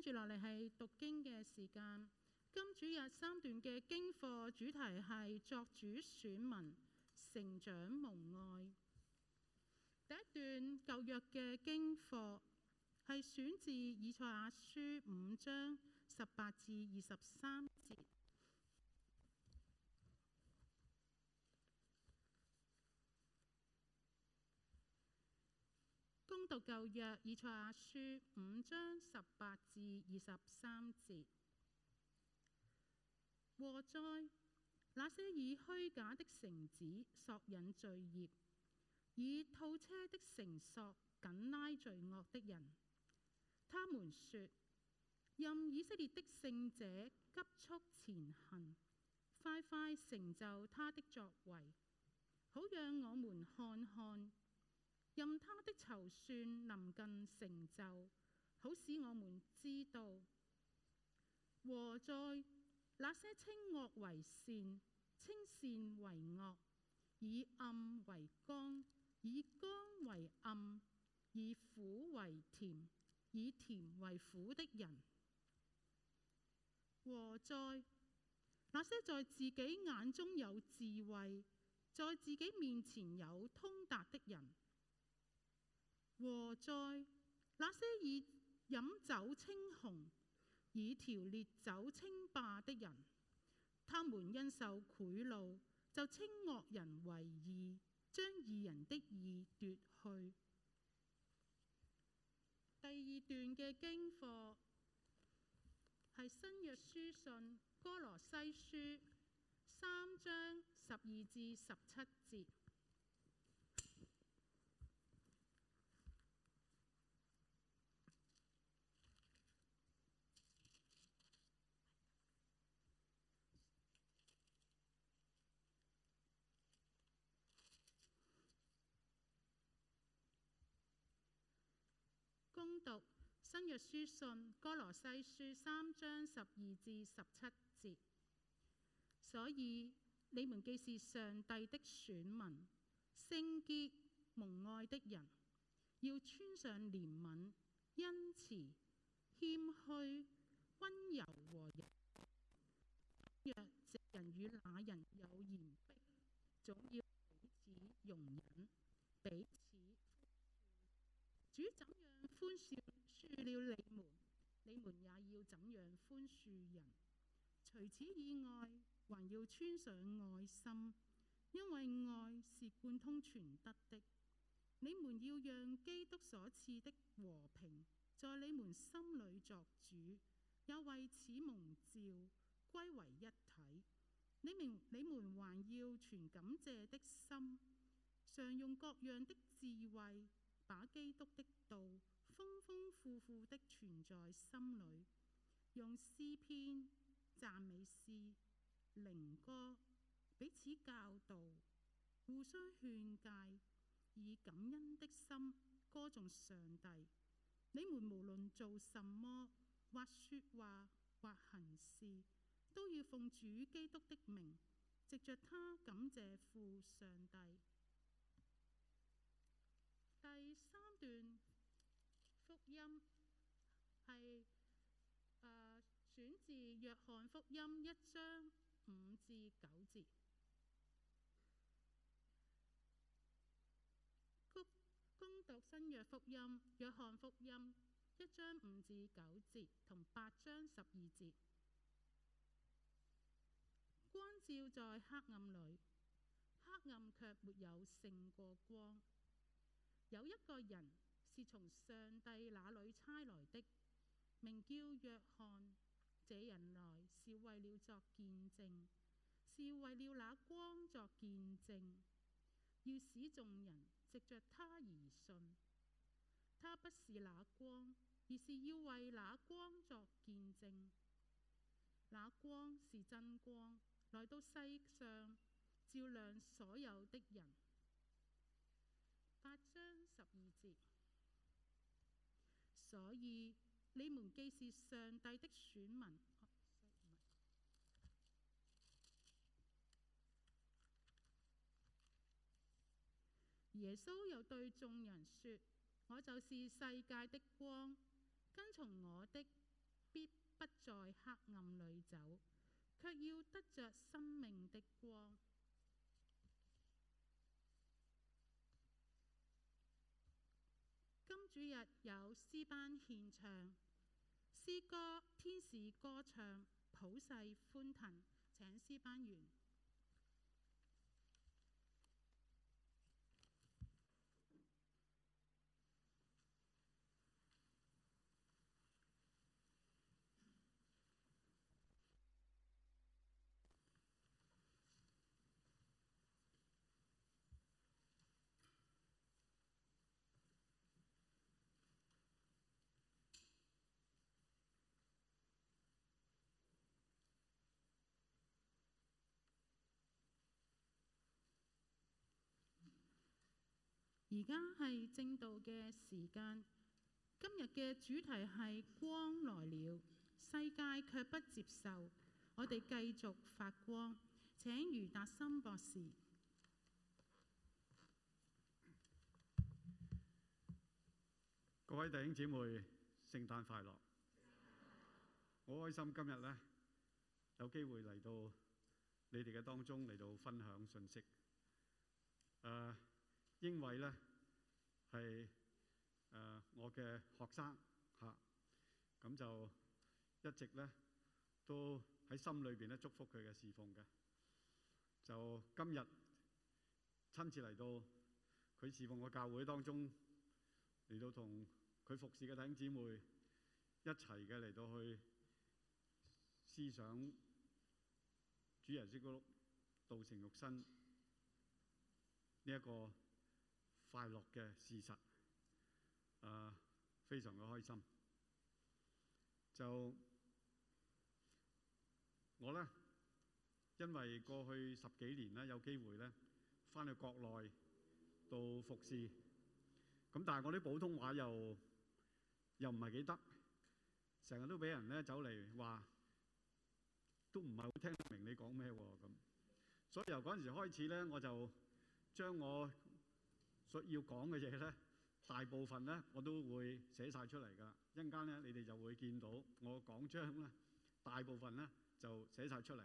跟住落嚟係讀經嘅時間。今主日三段嘅經課主題係作主選民成長蒙愛。第一段舊約嘅經課係選自以賽亞書五章十八至二十三節。讀舊約以賽亞書五章十八至二十三節，禍哉！那些以虛假的繩子索引罪孽，以套車的繩索緊拉罪惡的人，他們說：任以色列的聖者急速前行，快快成就他的作為，好讓我們看看。任他的籌算臨近成就，好使我們知道。禍哉！那些稱惡為善、稱善為惡、以暗為光、以光為暗、以苦為甜、以甜為苦的人，禍哉！那些在自己眼中有智慧、在自己面前有通達的人。禍哉！那些以飲酒稱雄、以調烈酒稱霸的人，他們因受賄賂，就稱惡人為義，將義人的義奪去。第二段嘅經課係新約書信哥羅西書三章十二至十七節。新約書信《歌羅西書》三章十二至十七節，所以你們既是上帝的選民、聖潔蒙愛的人，要穿上憐憫、恩慈、謙虛、温柔和忍耐。若這人與那人有言不，總要彼此容忍，彼此寬恕。主怎樣寬恕了你們，你們也要怎樣寬恕人。除此以外，還要穿上愛心，因為愛是貫通全德的。你們要讓基督所賜的和平在你們心裏作主，也為此蒙召歸為一體。你們，你們還要存感謝的心，常用各樣的智慧把基督的道。豐豐富富的存在心裏，用詩篇、讚美詩、靈歌彼此教導，互相勸誡，以感恩的心歌頌上帝。你們無論做什麼，或說話或行事，都要奉主基督的名，藉著他感謝父上帝。第三段。音係，嗯呃、選自約翰福音一章五至九節，恭讀新約福音，約翰福音一章五至九節同八章十二節。光照在黑暗裏，黑暗卻沒有勝過光。有一個人。是從上帝那裏差來的，名叫約翰。這人來是為了作見證，是為了那光作見證，要使眾人藉着他而信。他不是那光，而是要為那光作見證。那光是真光，來到世上照亮所有的人。八章十二節。所以你們既是上帝的選民，哦、耶穌又對眾人説：我就是世界的光。跟從我的，必不在黑暗裏走，卻要得着生命的光。每日有詩班獻唱詩歌，天使歌唱普世歡騰，請詩班員。而家係正道嘅時間。今日嘅主題係光來了，世界卻不接受。我哋繼續發光。請余達心博士，各位弟兄姊妹，聖誕快樂！我開心今日咧，有機會嚟到你哋嘅當中嚟到分享信息。誒，因為咧。係誒、呃，我嘅學生嚇，咁、啊、就一直咧都喺心裏邊咧祝福佢嘅侍奉嘅，就今日親自嚟到佢侍奉嘅教會當中，嚟到同佢服侍嘅弟兄姊妹一齊嘅嚟到去思想主耶穌基督道成肉身呢一、這個。快樂嘅事實，誒、呃，非常嘅開心。就我咧，因為過去十幾年咧，有機會咧，翻去國內到服侍，咁但係我啲普通話又又唔係幾得，成日都俾人咧走嚟話，都唔係好聽得明你講咩喎咁。所以由嗰陣時開始咧，我就將我。所以要講嘅嘢咧，大部分咧我都會寫晒出嚟㗎。一陣間咧，你哋就會見到我講章咧，大部分咧就寫晒出嚟。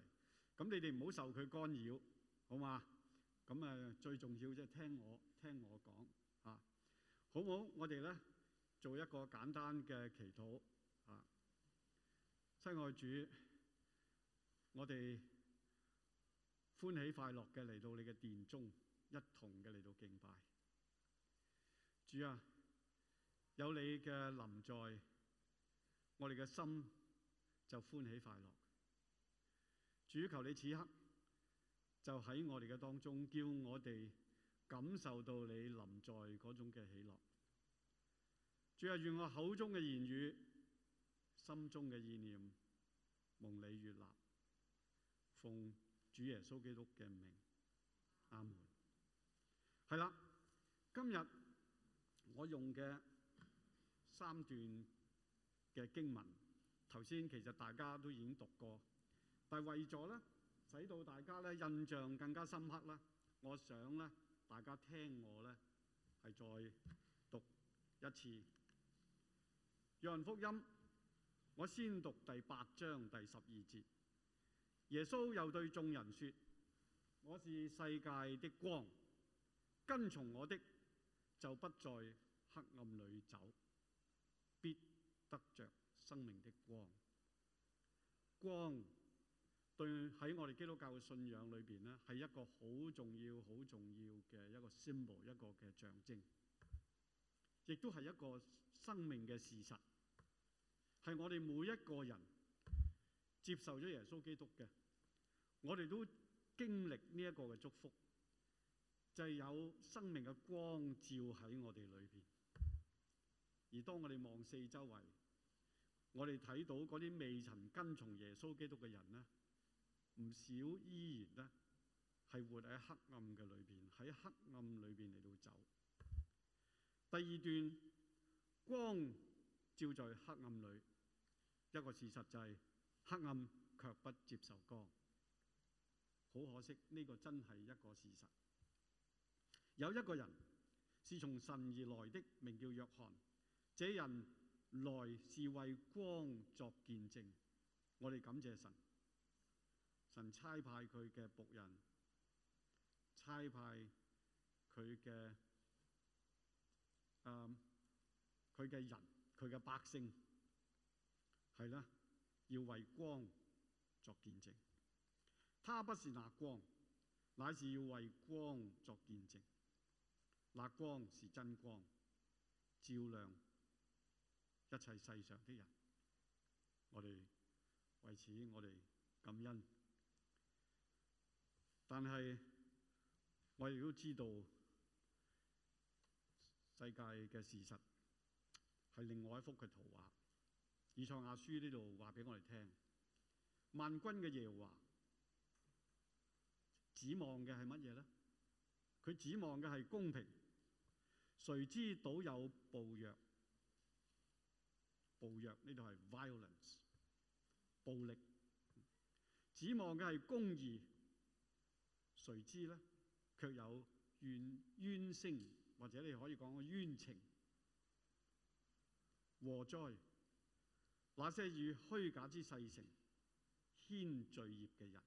咁你哋唔好受佢干擾，好嘛？咁誒，最重要即係聽我聽我講嚇，好唔好？我哋咧做一個簡單嘅祈禱嚇，親愛主，我哋歡喜快樂嘅嚟到你嘅殿中，一同嘅嚟到敬拜。主啊，有你嘅臨在，我哋嘅心就歡喜快樂。主求你此刻就喺我哋嘅當中，叫我哋感受到你臨在嗰種嘅喜樂。主啊，願我口中嘅言語、心中嘅意念、蒙你悅納。奉主耶穌基督嘅名。阿門。係啦，今日。我用嘅三段嘅經文，頭先其實大家都已經讀過，但係為咗咧，使到大家咧印象更加深刻啦，我想咧，大家聽我咧係再讀一次。約翰福音，我先讀第八章第十二節。耶穌又對眾人説：我是世界的光，跟從我的就不在黑暗裏走，必得着生命的光。光對喺我哋基督教嘅信仰裏邊咧，係一個好重要、好重要嘅一個 symbol，一個嘅象徵，亦都係一個生命嘅事實。係我哋每一個人接受咗耶穌基督嘅，我哋都經歷呢一個嘅祝福，就係有生命嘅光照喺我哋裏邊。而當我哋望四周圍，我哋睇到嗰啲未曾跟從耶穌基督嘅人呢唔少依然呢係活喺黑暗嘅裏邊，喺黑暗裏邊嚟到走。第二段光照在黑暗裏，一個事實就係黑暗卻不接受光。好可惜，呢個真係一個事實。有一個人是從神而來的，名叫約翰。這人來是為光作見證，我哋感謝神。神差派佢嘅僕人，差派佢嘅誒佢嘅人，佢嘅百姓，係啦，要為光作見證。他不是那光，乃是要為光作見證。那光是真光，照亮。一切世上的人，我哋為此我哋感恩。但係我亦都知道世界嘅事實係另外一幅嘅圖畫。以賽亞書呢度話俾我哋聽，萬軍嘅耶和華指望嘅係乜嘢呢？佢指望嘅係公平。誰知倒有暴虐？暴虐呢度係 violence，暴力，指望嘅係公義，誰知呢，卻有怨冤聲，或者你可以講個冤情，禍哉。那些以虛假之細繩，牽罪孽嘅人，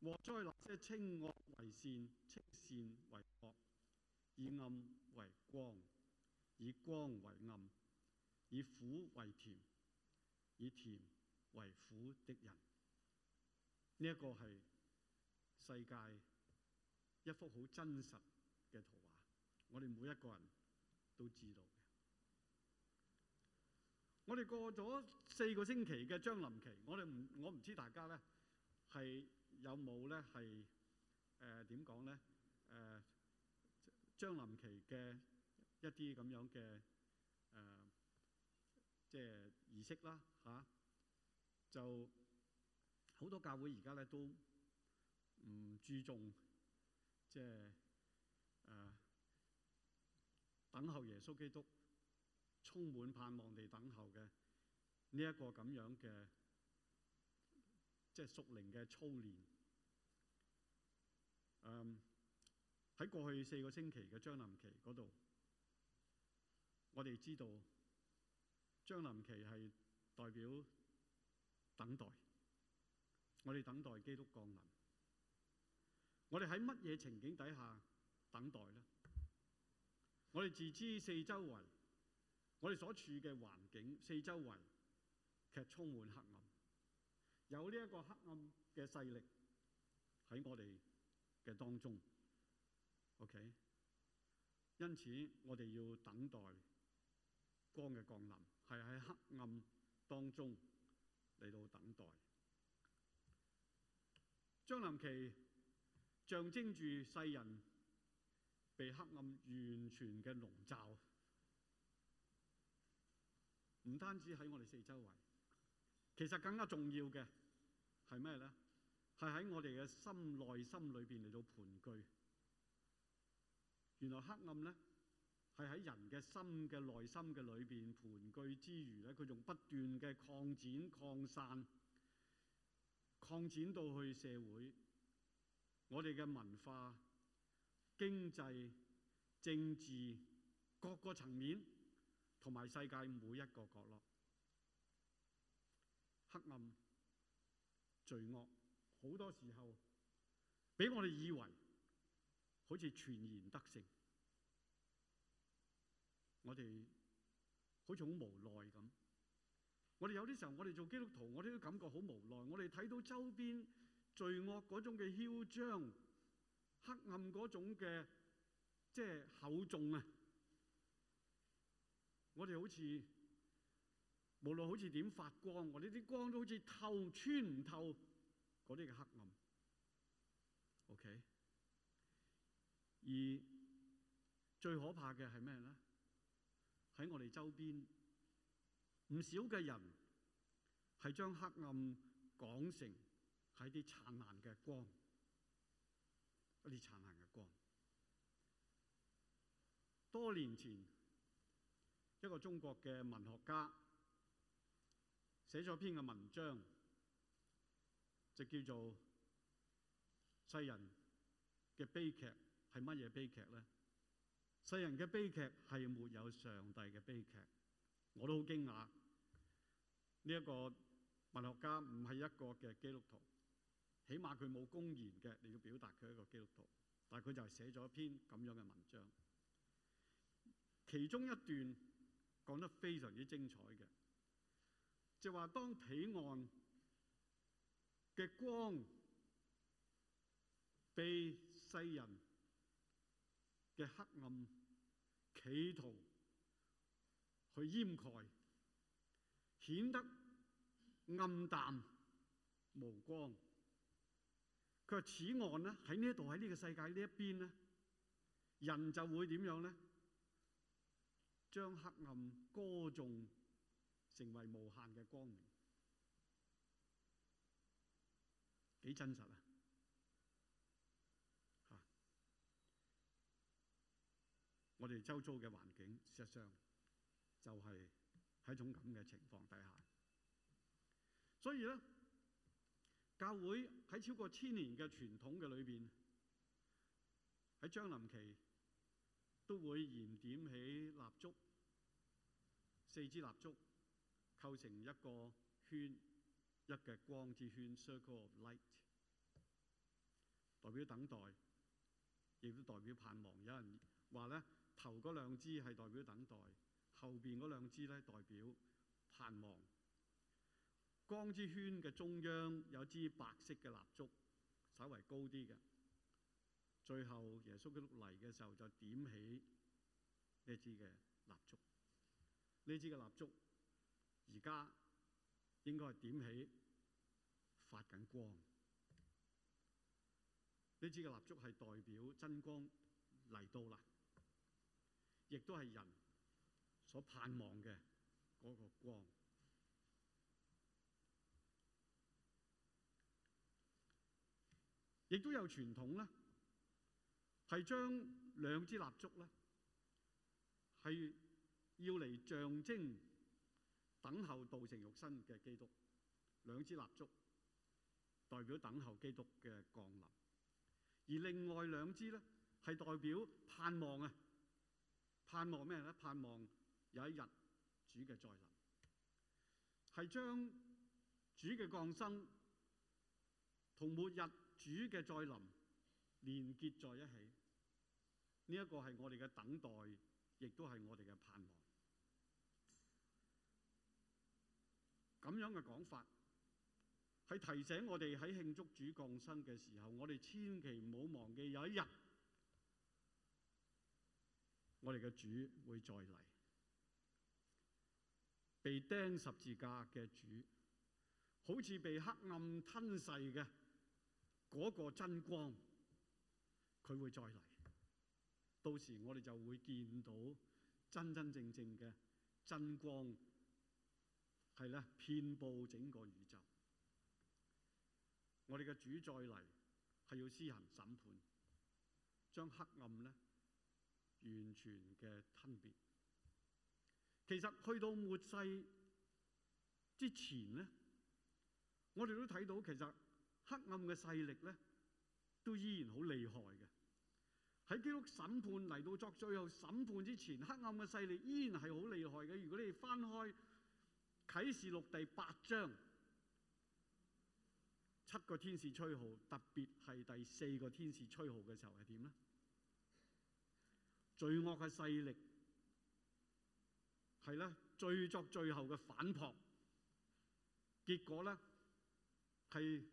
禍哉那些稱惡為善，稱善為惡，以暗為光，以光為暗。以苦為甜，以甜為苦的人，呢一個係世界一幅好真實嘅圖畫。我哋每一個人都知道嘅。我哋過咗四個星期嘅將臨期，我哋唔，我唔知大家咧係有冇咧係誒點講咧誒將臨期嘅一啲咁樣嘅。即係儀式啦，嚇、啊、就好多教會而家咧都唔注重即係誒、啊、等候耶穌基督充滿盼望地等候嘅呢一個咁樣嘅即係屬靈嘅操練。誒、嗯、喺過去四個星期嘅將臨期嗰度，我哋知道。降臨期係代表等待，我哋等待基督降臨。我哋喺乜嘢情景底下等待呢？我哋自知四周圍，我哋所處嘅環境四周圍卻充滿黑暗，有呢一個黑暗嘅勢力喺我哋嘅當中。OK，因此我哋要等待光嘅降臨。係喺黑暗當中嚟到等待，張林琪象徵住世人被黑暗完全嘅籠罩，唔單止喺我哋四周圍，其實更加重要嘅係咩咧？係喺我哋嘅心內心裏面嚟到盤踞。原來黑暗咧～佢喺人嘅心嘅內心嘅裏邊盤踞之餘咧，佢仲不斷嘅擴展、擴散、擴展到去社會、我哋嘅文化、經濟、政治各個層面，同埋世界每一個角落，黑暗、罪惡好多時候俾我哋以為好似全然得勝。我哋好似好無奈咁，我哋有啲時候，我哋做基督徒，我哋都感覺好無奈。我哋睇到周邊罪惡嗰種嘅囂張、黑暗嗰種嘅，即係厚重啊！我哋好似無論好似點發光，我哋啲光都好似透穿唔透嗰啲嘅黑暗。OK，而最可怕嘅係咩咧？喺我哋周邊，唔少嘅人係將黑暗講成係啲燦爛嘅光，一啲燦爛嘅光。多年前，一個中國嘅文學家寫咗篇嘅文章，就叫做《世人嘅悲劇》。係乜嘢悲劇咧？世人嘅悲劇係沒有上帝嘅悲劇，我都好驚訝。呢、這、一個文學家唔係一個嘅基督徒，起碼佢冇公然嘅你要表達佢一個基督徒，但係佢就係寫咗一篇咁樣嘅文章。其中一段講得非常之精彩嘅，就話當彼岸嘅光被世人嘅黑暗，企圖去掩蓋，顯得暗淡無光。佢話此岸咧，喺呢度喺呢個世界呢一邊咧，人就會點樣咧？將黑暗歌頌成為無限嘅光明，幾真實啊！我哋周遭嘅環境，事實上就係喺一種咁嘅情況底下。所以咧，教會喺超過千年嘅傳統嘅裏邊，喺將臨期都會燃點起蠟燭，四支蠟燭構成一個圈，一嘅光之圈 （circle of light），代表等待，亦都代表盼望。有人話咧，頭嗰兩支係代表等待，後邊嗰兩支咧代表盼望。光之圈嘅中央有支白色嘅蠟燭，稍微高啲嘅。最後耶穌基督嚟嘅時候就點起呢支嘅蠟燭。呢支嘅蠟燭而家應該係點起發緊光。呢支嘅蠟燭係代表真光嚟到啦。亦都係人所盼望嘅嗰個光，亦都有傳統咧，係將兩支蠟燭咧係要嚟象徵等候道成肉身嘅基督，兩支蠟燭代表等候基督嘅降臨，而另外兩支咧係代表盼望啊！盼望咩咧？盼望有一日主嘅再臨，係將主嘅降生同末日主嘅再臨連結在一起。呢一個係我哋嘅等待，亦都係我哋嘅盼望。咁樣嘅講法係提醒我哋喺慶祝主降生嘅時候，我哋千祈唔好忘記有一日。我哋嘅主會再嚟，被釘十字架嘅主，好似被黑暗吞噬嘅嗰個真光，佢會再嚟。到時我哋就會見到真真正正嘅真光，係咧遍佈整個宇宙。我哋嘅主再嚟，係要施行審判，將黑暗咧。完全嘅吞滅。其實去到末世之前咧，我哋都睇到，其實黑暗嘅勢力咧，都依然好厲害嘅。喺基督審判嚟到作最後審判之前，黑暗嘅勢力依然係好厲害嘅。如果你哋翻開啟示錄第八章，七個天使吹號，特別係第四個天使吹號嘅時候，係點咧？罪惡嘅勢力係咧最作最後嘅反撲，結果咧係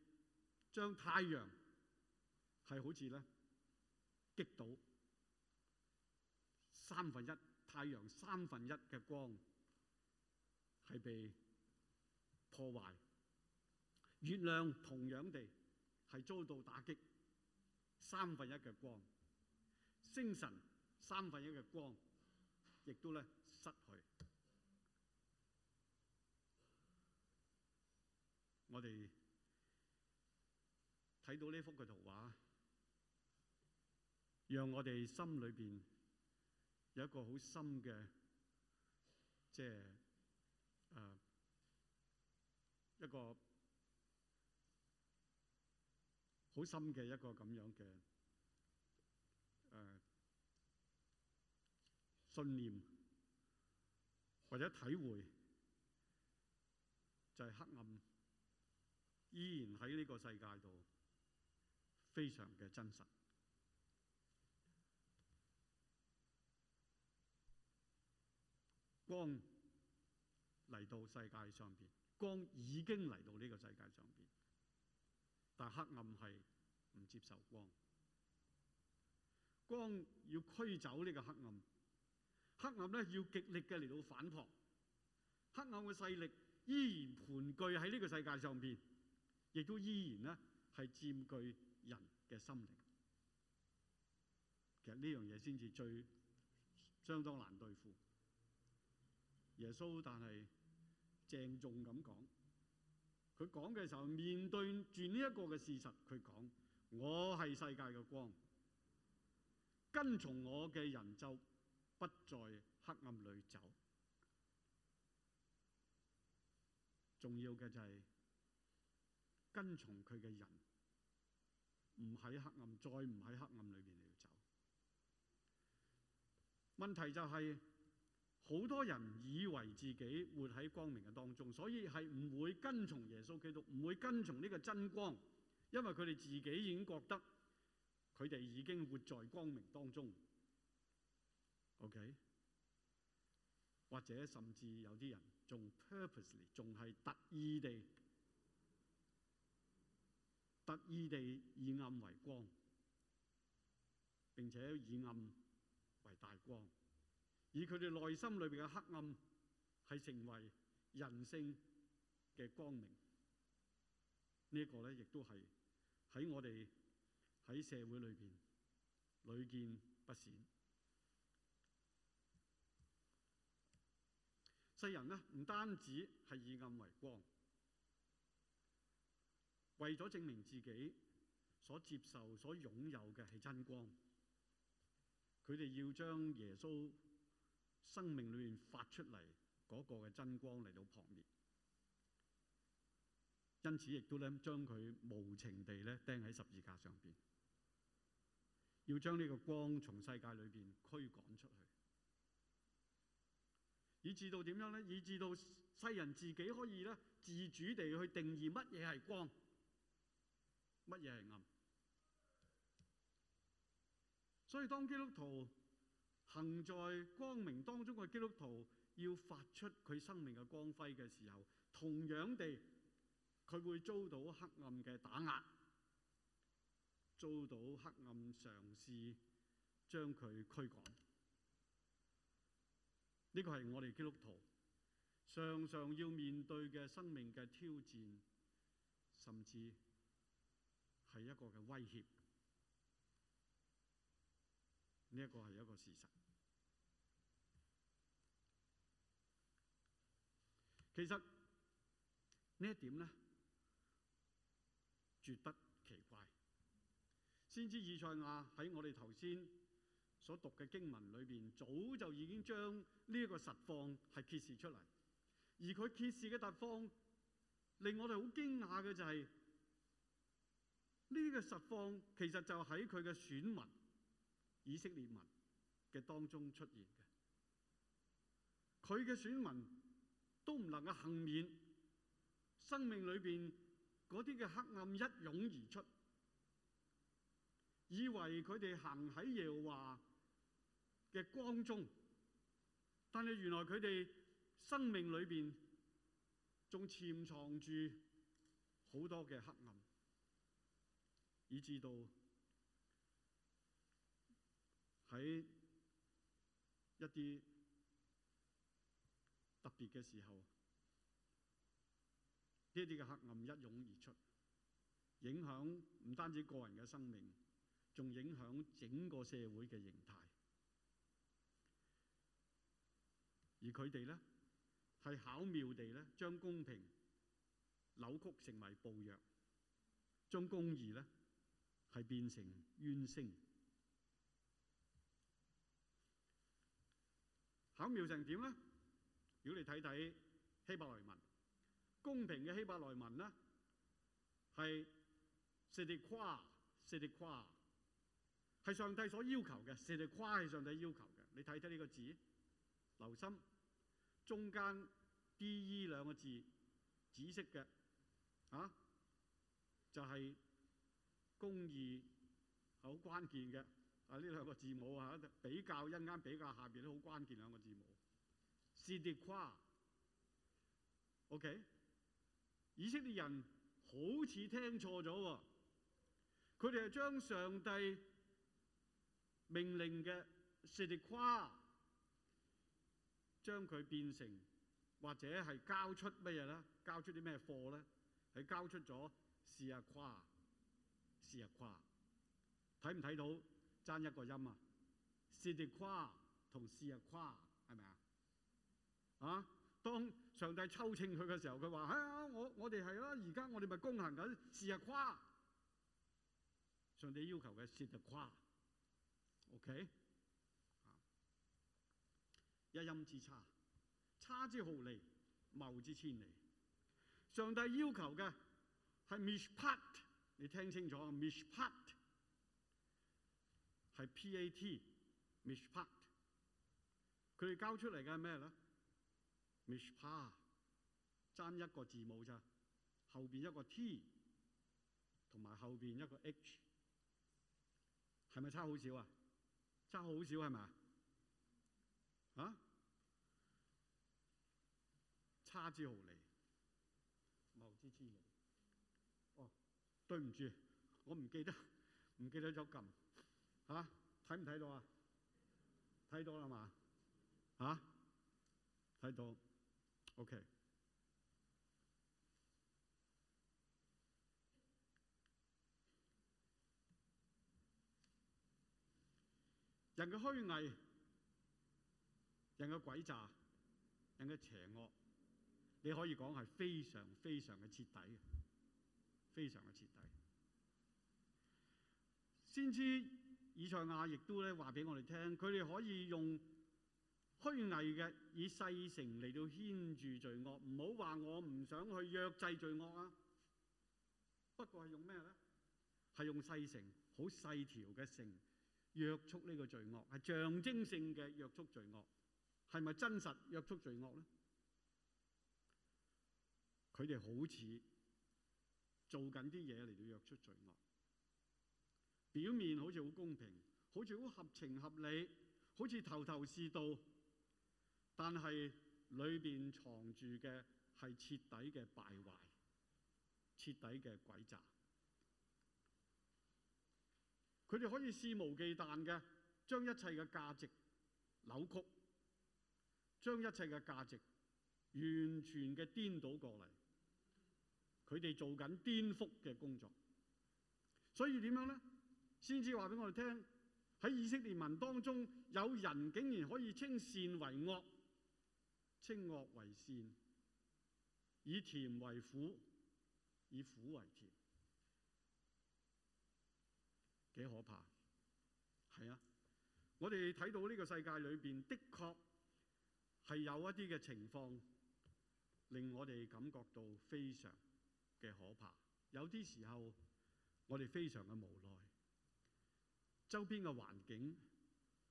將太陽係好似咧擊倒三分一，太陽三分一嘅光係被破壞，月亮同樣地係遭到打擊三分一嘅光，星辰，三分一嘅光，亦都咧失去。我哋睇到呢幅嘅圖畫，讓我哋心裏邊有一個好深嘅，即係誒、呃、一個好深嘅一個咁樣嘅。信念或者體會就係黑暗，依然喺呢個世界度非常嘅真實。光嚟到世界上邊，光已經嚟到呢個世界上邊，但黑暗係唔接受光，光要驅走呢個黑暗。黑暗咧要極力嘅嚟到反撲，黑暗嘅勢力依然盤踞喺呢個世界上邊，亦都依然咧係佔據人嘅心靈。其實呢樣嘢先至最相當難對付。耶穌但係鄭重咁講，佢講嘅時候面對住呢一個嘅事實，佢講：我係世界嘅光，跟從我嘅人就。不在黑暗裏走，重要嘅就係跟從佢嘅人，唔喺黑暗，再唔喺黑暗裏面嚟走。問題就係好多人以為自己活喺光明嘅當中，所以係唔會跟從耶穌基督，唔會跟從呢個真光，因為佢哋自己已經覺得佢哋已經活在光明當中。OK，或者甚至有啲人仲 purposely 仲係特意地、特意地以暗為光，並且以暗為大光，以佢哋內心裏邊嘅黑暗，係成為人性嘅光明。這個、呢個咧，亦都係喺我哋喺社會裏邊屢見不鮮。世人咧，唔單止係以暗為光，為咗證明自己所接受、所擁有嘅係真光，佢哋要將耶穌生命裡面發出嚟嗰個嘅真光嚟到撲滅。因此，亦都咧將佢無情地咧釘喺十字架上邊，要將呢個光從世界裏邊驅趕出去。以至到點樣呢？以至到世人自己可以咧自主地去定義乜嘢係光，乜嘢係暗。所以當基督徒行在光明當中嘅基督徒，要發出佢生命嘅光輝嘅時候，同樣地，佢會遭到黑暗嘅打壓，遭到黑暗嘗試將佢驅趕。呢個係我哋基督徒常常要面對嘅生命嘅挑戰，甚至係一個嘅威脅。呢一個係一個事實。其實呢一點咧，絕不奇怪。先知以賽亞喺我哋頭先所讀嘅經文裏邊，早就已經將呢一個實況係揭示出嚟。而佢揭示嘅答方，令我哋好驚訝嘅就係、是，呢、這個實況其實就喺佢嘅選民以色列民嘅當中出現嘅。佢嘅選民都唔能夠幸免，生命裏邊嗰啲嘅黑暗一湧而出，以為佢哋行喺耶和華。嘅光中，但係原來佢哋生命裏邊仲潛藏住好多嘅黑暗，以至到喺一啲特別嘅時候，呢啲嘅黑暗一湧而出，影響唔單止個人嘅生命，仲影響整個社會嘅形態。而佢哋咧，係巧妙地咧，將公平扭曲成為暴虐，將公義咧係變成冤聲。巧妙成點咧？如果你睇睇希伯來文，公平嘅希伯來文咧係四字跨，四字跨係上帝所要求嘅，四字跨係上帝要求嘅。你睇睇呢個字。留心，中間 D、E 兩個字，紫色嘅，嚇，就係公義係好關鍵嘅。啊，呢兩個字母啊，比較一陣比較下邊都好關鍵兩個字母。Siddiqua，OK？以色列人好似聽錯咗喎，佢哋係將上帝命令嘅 Siddiqua。將佢變成或者係交出乜嘢咧？交出啲咩貨咧？係交出咗是啊夸，是啊夸，睇唔睇到爭一個音啊？是定夸同是啊夸係咪啊？啊！當上帝抽稱佢嘅時候，佢話：哎呀，我我哋係啦，而家我哋咪公行緊是啊夸。上帝要求嘅是啊夸，OK。一音之差，差之毫釐，謬之千里。上帝要求嘅係 mishpat，你聽清楚，mishpat 係 pat，mishpat 佢哋，交出嚟嘅係咩咧？mishpa，t 爭一個字母咋？後邊一個 t，同埋後邊一個 h，係咪差好少啊？差好少係咪？是啊！差之毫釐，謬之千里。哦，對唔住，我唔記得，唔記得咗撳。嚇，睇唔睇到啊？睇到啦嘛。嚇，睇到。OK。人嘅虛偽。人嘅詭詐，人嘅邪惡，你可以講係非常非常嘅徹底，非常嘅徹底。先知以賽亞亦都咧話俾我哋聽，佢哋可以用虛偽嘅以細繩嚟到牽住罪惡。唔好話我唔想去約制罪惡啊，不過係用咩咧？係用細繩、好細條嘅繩約束呢個罪惡，係象徵性嘅約束罪惡。係咪真實約束罪惡咧？佢哋好似做緊啲嘢嚟到約束罪惡，表面好似好公平，好似好合情合理，好似頭頭是道，但係裏邊藏住嘅係徹底嘅敗壞，徹底嘅詭詐。佢哋可以肆無忌憚嘅將一切嘅價值扭曲。將一切嘅價值完全嘅顛倒過嚟，佢哋做緊顛覆嘅工作。所以點樣咧？先至話俾我哋聽，喺以色列民當中，有人竟然可以稱善為惡，稱惡為善，以甜為苦，以苦為甜，幾可怕！係啊，我哋睇到呢個世界裏邊的確。係有一啲嘅情況令我哋感覺到非常嘅可怕，有啲時候我哋非常嘅無奈，周邊嘅環境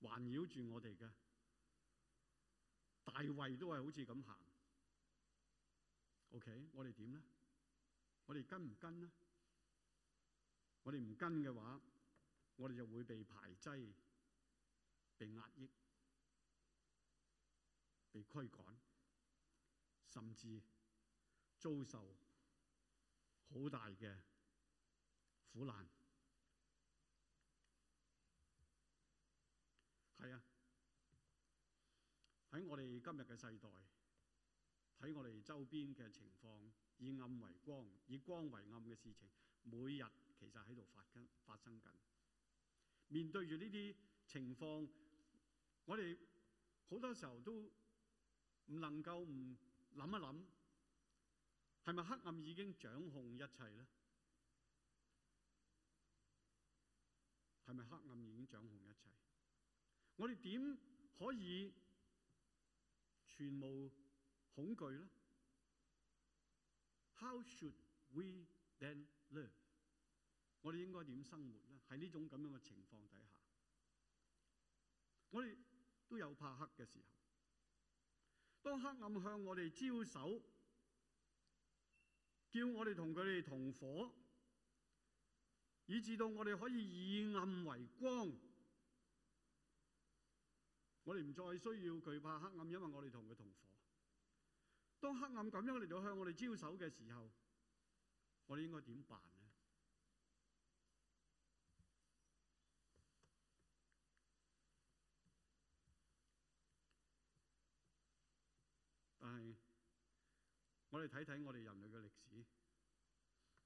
環繞住我哋嘅大圍都係好似咁行，OK，我哋點咧？我哋跟唔跟咧？我哋唔跟嘅話，我哋就會被排擠、被壓抑。被驅趕，甚至遭受好大嘅苦難。係啊，喺我哋今日嘅世代，喺我哋周邊嘅情況，以暗為光，以光為暗嘅事情，每日其實喺度發，發生發生緊。面對住呢啲情況，我哋好多時候都～唔能夠唔諗一諗，係咪黑暗已經掌控一切咧？係咪黑暗已經掌控一切？我哋點可以全無恐懼咧？How should we then live？我哋應該點生活咧？喺呢種咁樣嘅情況底下，我哋都有怕黑嘅時候。當黑暗向我哋招手，叫我哋同佢哋同伙，以至到我哋可以以暗為光，我哋唔再需要懼怕黑暗，因為我哋同佢同伙。當黑暗咁樣嚟到向我哋招手嘅時候，我哋應該點辦？我哋睇睇我哋人類嘅歷史，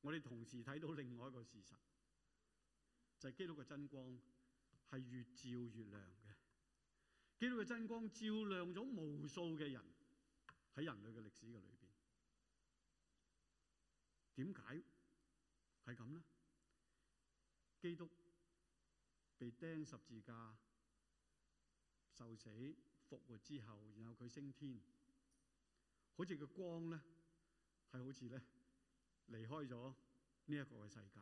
我哋同時睇到另外一個事實，就係基督嘅真光係越照越亮嘅。基督嘅真光照亮咗無數嘅人喺人類嘅歷史嘅裏邊。點解係咁呢？基督被釘十字架、受死、復活之後，然後佢升天，好似個光咧。係好似咧，離開咗呢一個嘅世界，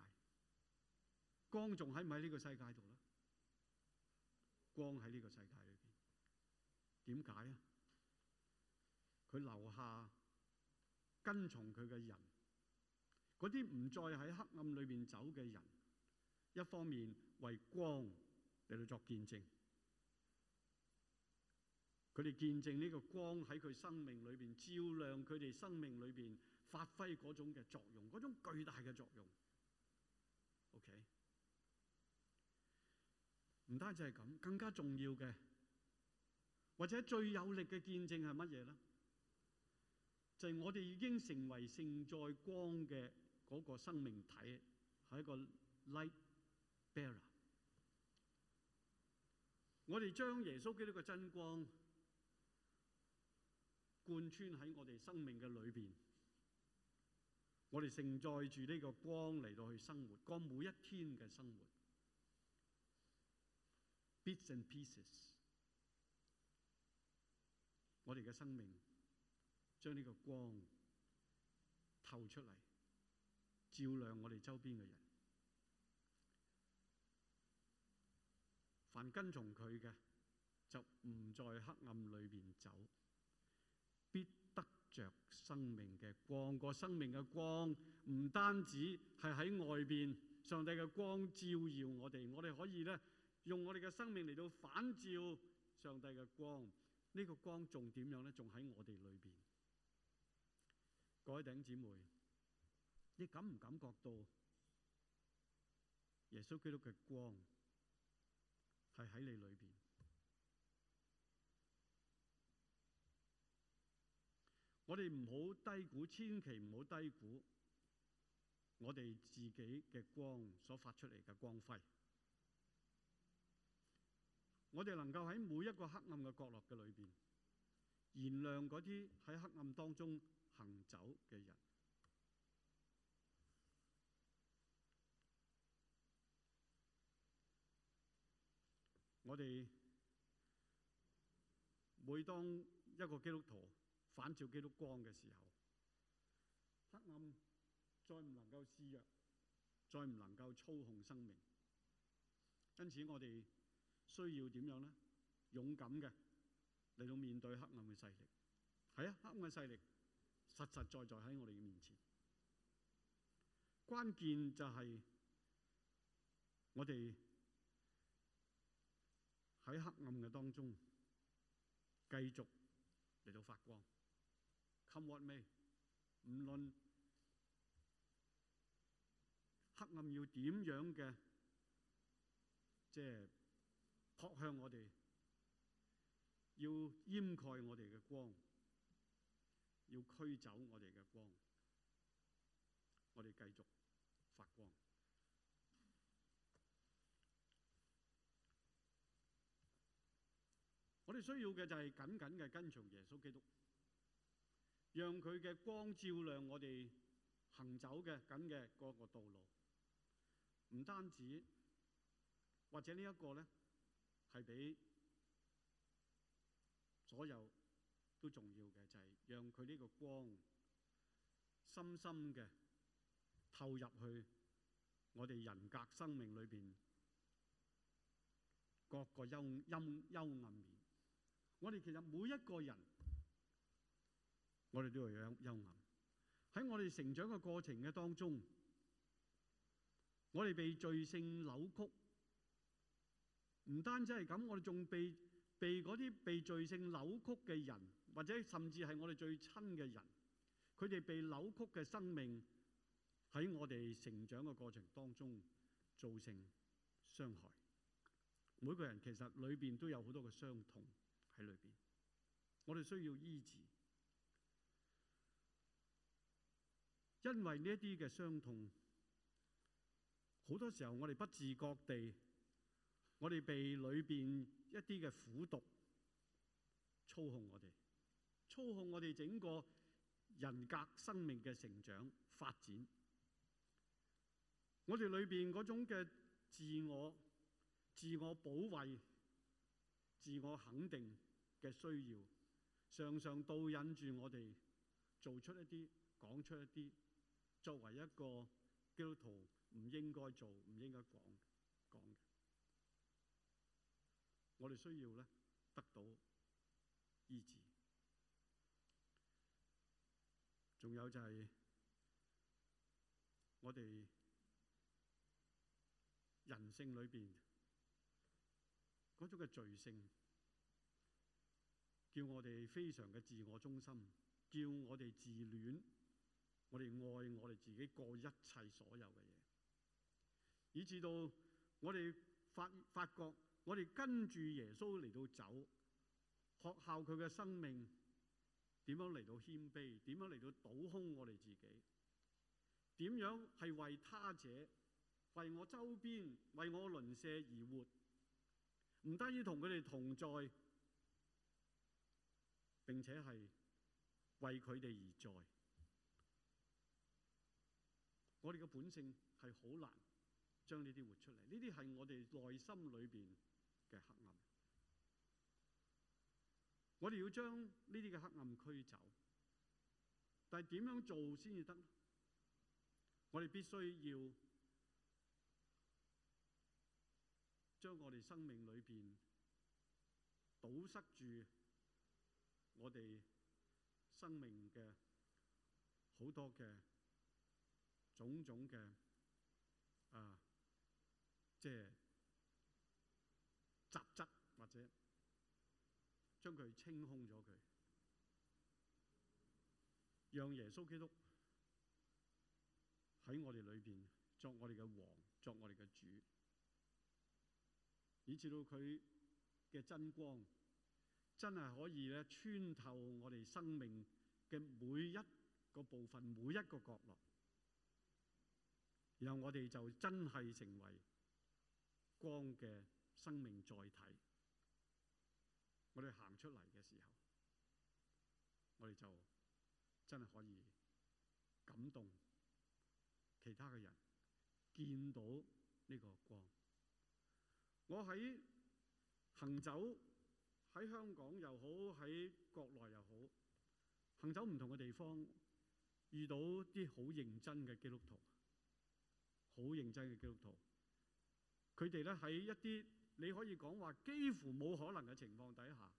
光仲喺唔喺呢個世界度咧？光喺呢個世界裏邊，點解啊？佢留下跟從佢嘅人，嗰啲唔再喺黑暗裏邊走嘅人，一方面為光嚟到作見證，佢哋見證呢個光喺佢生命裏邊照亮佢哋生命裏邊。發揮嗰種嘅作用，嗰種巨大嘅作用。OK，唔單止係咁，更加重要嘅，或者最有力嘅見證係乜嘢咧？就係、是、我哋已經成為盛載光嘅嗰個生命體，係一個 light bearer。我哋將耶穌基督嘅真光貫穿喺我哋生命嘅裏邊。我哋承載住呢個光嚟到去生活，過每一天嘅生活，bits and pieces。我哋嘅生命將呢個光透出嚟，照亮我哋周邊嘅人。凡跟從佢嘅，就唔在黑暗裏面走。着生命嘅光，個生命嘅光，唔單止係喺外邊，上帝嘅光照耀我哋，我哋可以咧用我哋嘅生命嚟到反照上帝嘅光。呢個光仲點樣咧？仲喺我哋裏邊。各位弟兄姊妹，你感唔感覺到耶穌基督嘅光係喺你裏邊？我哋唔好低估，千祈唔好低估我哋自己嘅光所發出嚟嘅光輝。我哋能夠喺每一個黑暗嘅角落嘅裏邊，燃亮嗰啲喺黑暗當中行走嘅人。我哋每當一個基督徒反照基督光嘅時候，黑暗再唔能夠肆虐，再唔能夠操控生命。因此，我哋需要點樣呢？勇敢嘅嚟到面對黑暗嘅勢力。係啊，黑暗嘅勢力實實在在喺我哋嘅面前。關鍵就係我哋喺黑暗嘅當中，繼續嚟到發光。Come what may，唔論黑暗要點樣嘅，即係撲向我哋，要掩蓋我哋嘅光，要驅走我哋嘅光，我哋繼續發光。我哋需要嘅就係緊緊嘅跟從耶穌基督。讓佢嘅光照亮我哋行走嘅緊嘅各個道路，唔單止，或者呢一個咧係俾所有都重要嘅，就係讓佢呢個光深深嘅透入去我哋人格生命裏邊各個陰陰幽暗面。我哋其實每一個人。我哋都要有幽暗喺我哋成長嘅過程嘅當中，我哋被罪性扭曲，唔單止係咁，我哋仲被被嗰啲被罪性扭曲嘅人，或者甚至係我哋最親嘅人，佢哋被扭曲嘅生命喺我哋成長嘅過程當中造成傷害。每個人其實裏邊都有好多嘅傷痛喺裏邊，我哋需要醫治。因為呢一啲嘅傷痛，好多時候我哋不自覺地，我哋被裏邊一啲嘅苦毒操控我哋，操控我哋整個人格生命嘅成長發展。我哋裏邊嗰種嘅自我、自我保衛、自我肯定嘅需要，常常導引住我哋做出一啲、講出一啲。作為一個基督徒，唔應該做、唔應該講講嘅。我哋需要咧得到醫治。仲有就係、是、我哋人性裡面嗰種嘅罪性，叫我哋非常嘅自我中心，叫我哋自戀。我哋愛我哋自己過一切所有嘅嘢，以至到我哋發發覺，我哋跟住耶穌嚟到走，學效佢嘅生命，點樣嚟到謙卑，點樣嚟到倒空我哋自己，點樣係為他者，為我周邊，為我鄰舍而活，唔單止同佢哋同在，並且係為佢哋而在。我哋嘅本性係好難將呢啲活出嚟，呢啲係我哋內心裏邊嘅黑暗。我哋要將呢啲嘅黑暗驅走，但係點樣做先至得？我哋必須要將我哋生命裏邊堵塞住我哋生命嘅好多嘅。種種嘅啊，即係雜質，或者將佢清空咗，佢讓耶穌基督喺我哋裏邊作我哋嘅王，作我哋嘅主，以至到佢嘅真光真係可以咧穿透我哋生命嘅每一個部分、每一個角落。然後我哋就真係成為光嘅生命載體。我哋行出嚟嘅時候，我哋就真係可以感動其他嘅人，見到呢個光。我喺行走喺香港又好，喺國內又好，行走唔同嘅地方，遇到啲好認真嘅基督徒。好認真嘅基督徒，佢哋咧喺一啲你可以講話幾乎冇可能嘅情況底下，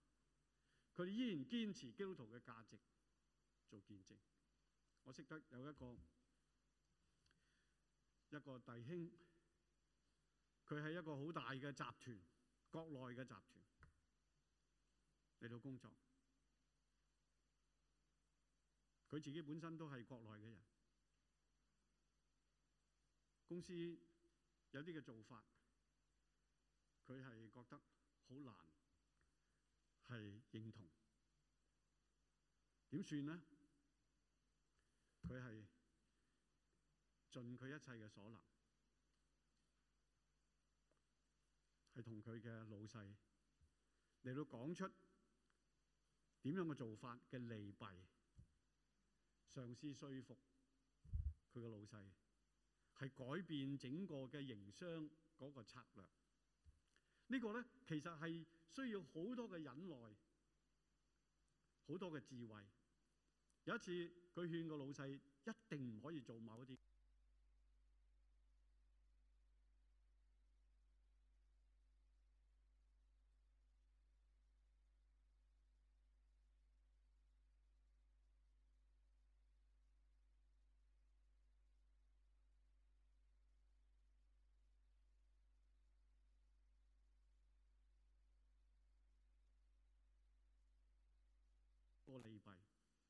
佢哋依然堅持基督徒嘅價值做見證。我識得有一個一個弟兄，佢喺一個好大嘅集團，國內嘅集團嚟到工作。佢自己本身都係國內嘅人。公司有啲嘅做法，佢係覺得好難，係認同。點算呢？佢係盡佢一切嘅所能，係同佢嘅老細嚟到講出點樣嘅做法嘅利弊，嘗試說服佢嘅老細。係改變整個嘅營商嗰個策略，這個，呢個咧其實係需要好多嘅忍耐，好多嘅智慧。有一次，佢勸個老細一定唔可以做某啲。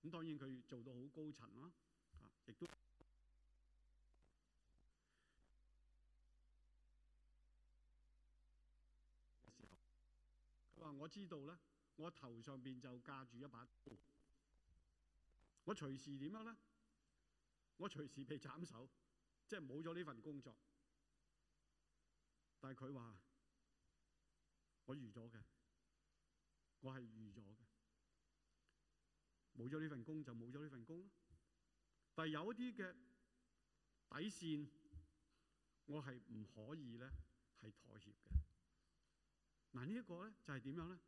咁當然佢做到好高層啦、啊，嚇，亦都。佢話：我知道咧，我頭上邊就架住一把刀，我隨時點樣咧？我隨時被斬首，即係冇咗呢份工作。但係佢話：我預咗嘅，我係預咗嘅。冇咗呢份工就冇咗呢份工咯，但係有一啲嘅底線，我係唔可以咧，係妥協嘅。嗱呢一個咧就係點樣咧？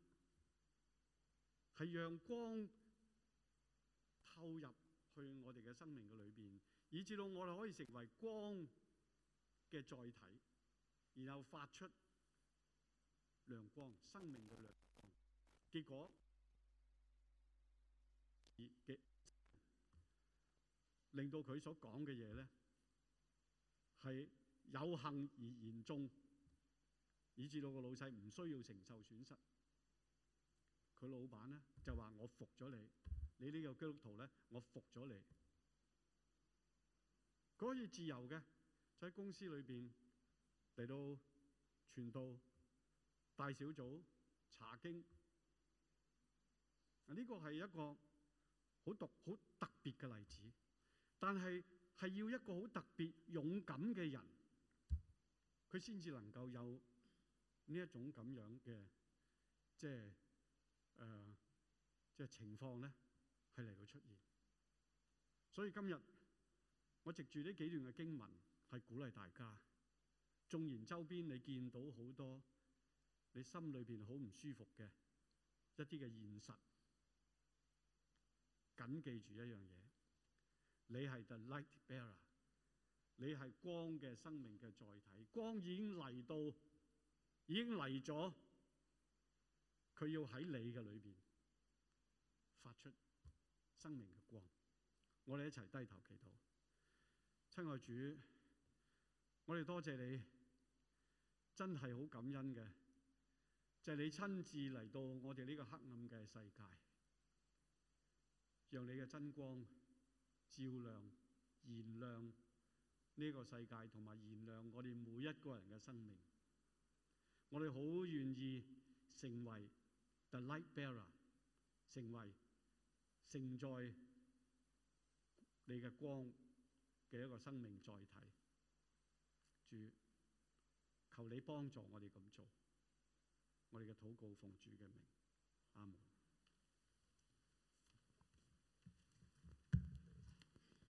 係讓光透入去我哋嘅生命嘅裏邊，以至到我哋可以成為光嘅載體，然後發出亮光，生命嘅亮光。結果。嘅令到佢所講嘅嘢咧，係有幸而言中，以至到個老細唔需要承受損失。佢老板咧就話：我服咗你，你呢個基督徒咧，我服咗你。佢可以自由嘅，就喺公司裏邊嚟到傳道、大小組查經。啊，呢個係一個。好獨好特別嘅例子，但係係要一個好特別勇敢嘅人，佢先至能夠有呢一種咁樣嘅即係誒、呃、即係情況咧，係嚟到出現。所以今日我藉住呢幾段嘅經文，係鼓勵大家。縱然周邊你見到好多，你心裏邊好唔舒服嘅一啲嘅現實。謹記住一樣嘢，你係 the light bearer，你係光嘅生命嘅載體，光已經嚟到，已經嚟咗，佢要喺你嘅裏邊發出生命嘅光。我哋一齊低頭祈禱，親愛主，我哋多謝你，真係好感恩嘅，就係、是、你親自嚟到我哋呢個黑暗嘅世界。讓你嘅真光照亮、燃亮呢個世界，同埋燃亮我哋每一個人嘅生命。我哋好願意成為 the light bearer，成為承載你嘅光嘅一個生命載體。主，求你幫助我哋咁做。我哋嘅禱告奉主嘅名。阿門。